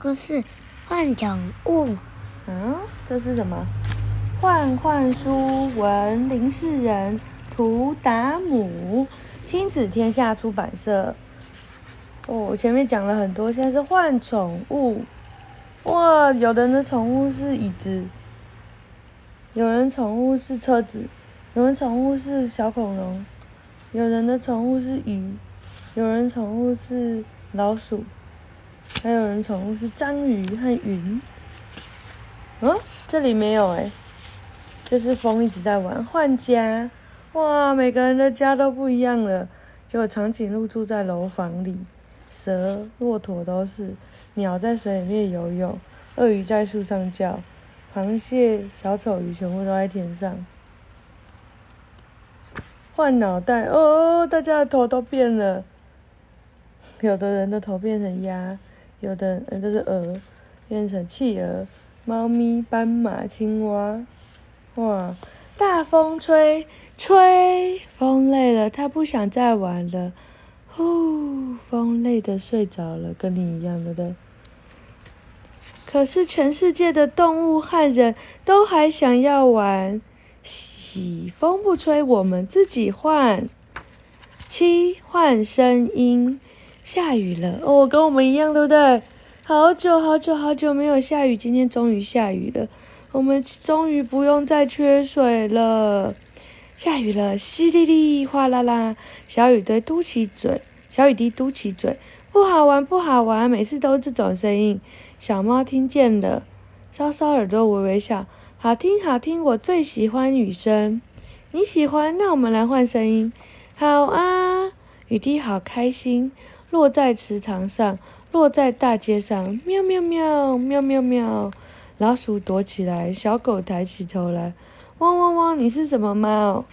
故事，換寵物。嗯、啊，這是什麼？換換書，文林世仁、圖達姆，親子天下出版社。哦，我前面講了很多，現在是換寵物。哇，有人的寵物是椅子，有人寵物是車子，有人寵物是小恐龍，有人的寵物是魚，有人寵物是老鼠。還有人寵物是章魚和雲，嗯、哦，這裡沒有哎、欸，這是風一直在玩換家，哇，每個人的家都不一樣了。結果長頸鹿住在樓房裡，蛇、駱駝都是，鳥在水裡面游泳，鱷魚在樹上叫，螃蟹、小丑魚全部都在天上。換腦袋哦，大家的頭都變了，有的人的頭變成鴨。有的，呃，這是鵝，變成企鵝；貓咪、斑馬、青蛙，哇！大風吹，吹，風累了，它不想再玩了，呼，風累的睡着了，跟你一樣的。可是全世界的動物、和人都還想要玩，喜風不吹，我們自己換，七，換聲音。下雨了哦，我跟我們一樣，對不對？好久好久好久沒有下雨，今天終於下雨了，我們終於不用再缺水了。下雨了，淅瀝瀝，嘩啦啦，小雨滴嘟起嘴，小雨滴嘟起嘴，不好玩，不好玩，每次都這種聲音。小貓聽見了，搔搔耳朵，微微笑，好聽好聽，我最喜歡雨聲。你喜歡？那我們來換聲音。好啊，雨滴好開心。落在池塘上，落在大街上，喵喵喵，喵喵喵，老鼠躲起來，小狗抬起頭來，汪汪汪，你是什麼貓？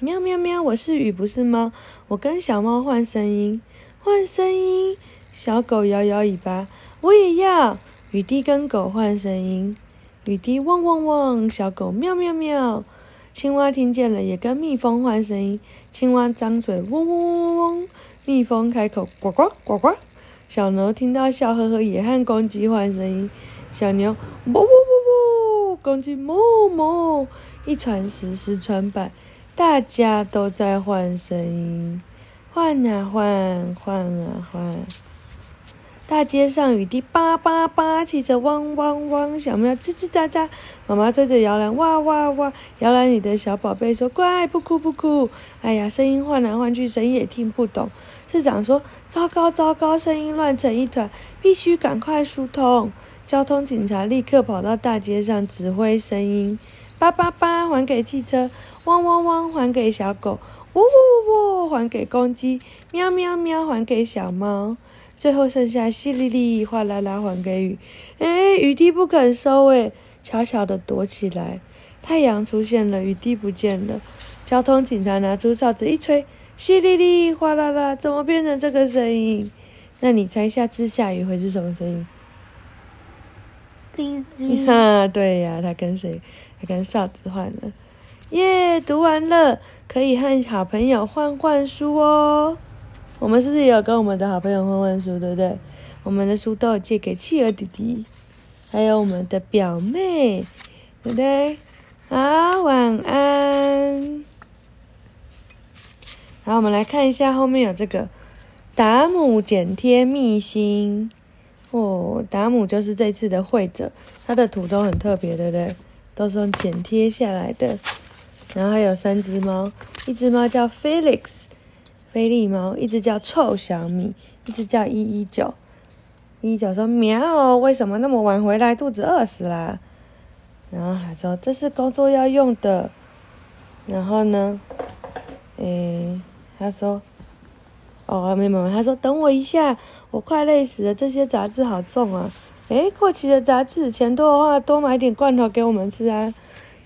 喵喵喵，我是雨，不是貓。我跟小貓換聲音，換聲音，小狗搖搖尾巴，我也要。雨滴跟狗換聲音，雨滴汪汪汪，小狗喵喵喵。青蛙聽見了，也跟蜜蜂換聲音。青蛙張嘴嗚嗚嗚，嗡嗡嗡嗡，蜜蜂開口，呱呱呱呱，呱。小牛聽到笑呵呵，也和公雞換聲音。小牛喔喔喔喔，公雞哞哞，一傳十，十傳百，大家都在換聲音，換啊換，換啊換。大街上，雨滴叭叭叭，汽車汪汪汪，小喵吱吱喳喳，媽媽推着搖籃哇哇哇，搖籃裡的小寶貝說：“乖，不哭不哭。”哎呀，聲音換來換去，誰也聽不懂。市長說：“糟糕糟糕，聲音亂成一團，必須趕快疏通。”交通警察立刻跑到大街上指揮聲音：叭叭叭，還給汽車；汪汪汪，還給小狗；喔喔喔喔，還給公雞；喵喵喵喵，還給小貓。最後剩下淅瀝瀝，嘩啦啦，還給雨。哎、欸，雨滴不肯收，哎，悄悄地躲起來。太陽出現了，雨滴不見了。交通警察拿出哨子一吹，淅瀝瀝，嘩啦啦，怎麼變成這個聲音？那你猜下次下雨會是什麼聲音？哈哈哩、啊，對呀、啊，他跟誰？他跟哨子換了。耶、yeah,，讀完了，可以和好朋友換換書哦。我們是不是也有跟我們的好朋友換換書，對不對？我們的書都有借給企鵝弟弟，還有我們的表妹，對不對？好，晚安。好，我們來看一下後面有這個達姆剪貼秘辛哦，達姆就是這次的繪者，他的圖都很特別，對不對？都是用剪貼下來的。然後還有三隻貓，一隻貓叫 Felix、菲利貓，一隻叫臭小米，一隻叫一一九。一一九說：“喵，為什麼那麼晚回來？肚子餓死啦？然後還說：“這是工作要用的。”然後呢，誒、欸，他說：“哦，還、啊、沒買完，他說：“等我一下，我快累死了。這些雜誌好重啊！誒、欸，過期的雜誌，錢多的話，多買點罐頭給我們吃啊。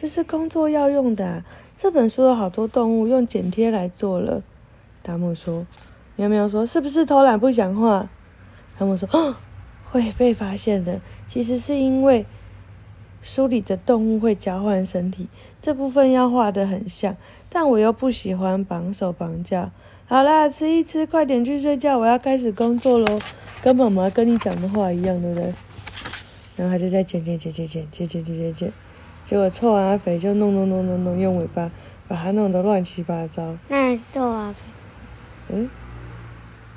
這是工作要用的、啊。這本書有好多動物用剪貼來做了。”達姆說：“喵喵說是不是偷懶不講話？”他們說：“哦，會被發現的。其實是因為書裡的動物會交換身體，這部分要畫得很像。但我又不喜歡綁手綁腳。好啦，吃一吃，快點去睡覺，我要開始工作嘍，跟媽媽跟你講的話一樣，對不對？”然後他就在剪剪剪剪剪剪剪剪剪，結果臭阿肥就弄、弄弄弄弄弄，用尾巴把它弄得亂七八糟。那臭阿嗯，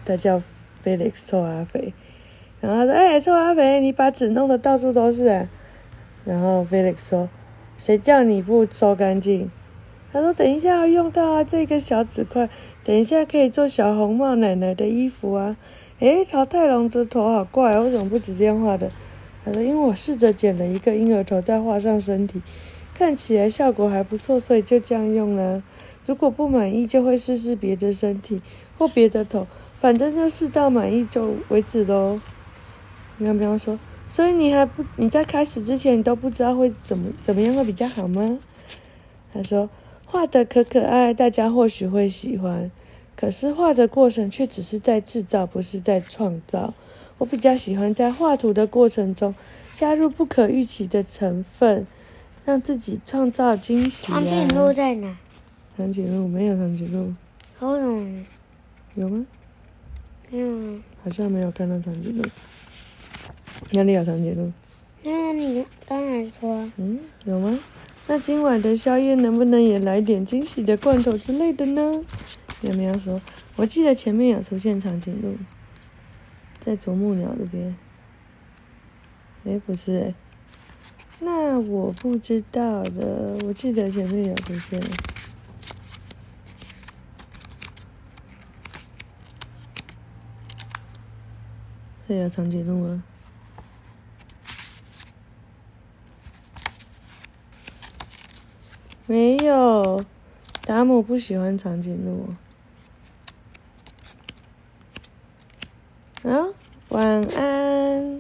他叫 Felix 臭阿肥，然後他說：“哎、欸，臭阿肥，你把紙弄得到處都是、啊。”然後 Felix 說：“誰叫你不收乾淨？”他說：“等一下要用到、啊、這個小紙塊，等一下可以做小紅帽奶奶的衣服啊。欸”哎，桃太郎的頭好怪啊！為什麼不直接畫的？他說：“因為我試着剪了一個嬰兒頭，再畫上身體，看起來效果還不錯，所以就這樣用了、啊。如果不滿意，就會試試別的身體。”或別的頭，反正就是到滿意就為止嘍。喵喵說：“所以你還不你在開始之前，你都不知道會怎麼怎麼樣會比較好嗎？”他說：“畫的可可愛，大家或許會喜歡，可是畫的過程卻只是在制造，不是在創造。我比較喜歡在畫圖的過程中加入不可預期的成分，讓自己創造驚喜、啊。”長頸鹿在哪？長頸鹿沒有長頸鹿，好冷、嗯有嗎？沒有啊。好像沒有看到長頸鹿。哪裡有長頸鹿？那你剛才說……嗯，有嗎？那今晚的宵夜能不能也來點驚喜的罐頭之類的呢？有沒有說：“我記得前面有出現長頸鹿，在啄木鳥這邊。”欸，哎，不是誒、欸。那我不知道的，我記得前面有出現。對啊，長頸鹿啊，沒有，達姆不喜歡長頸鹿。啊、哦，晚安。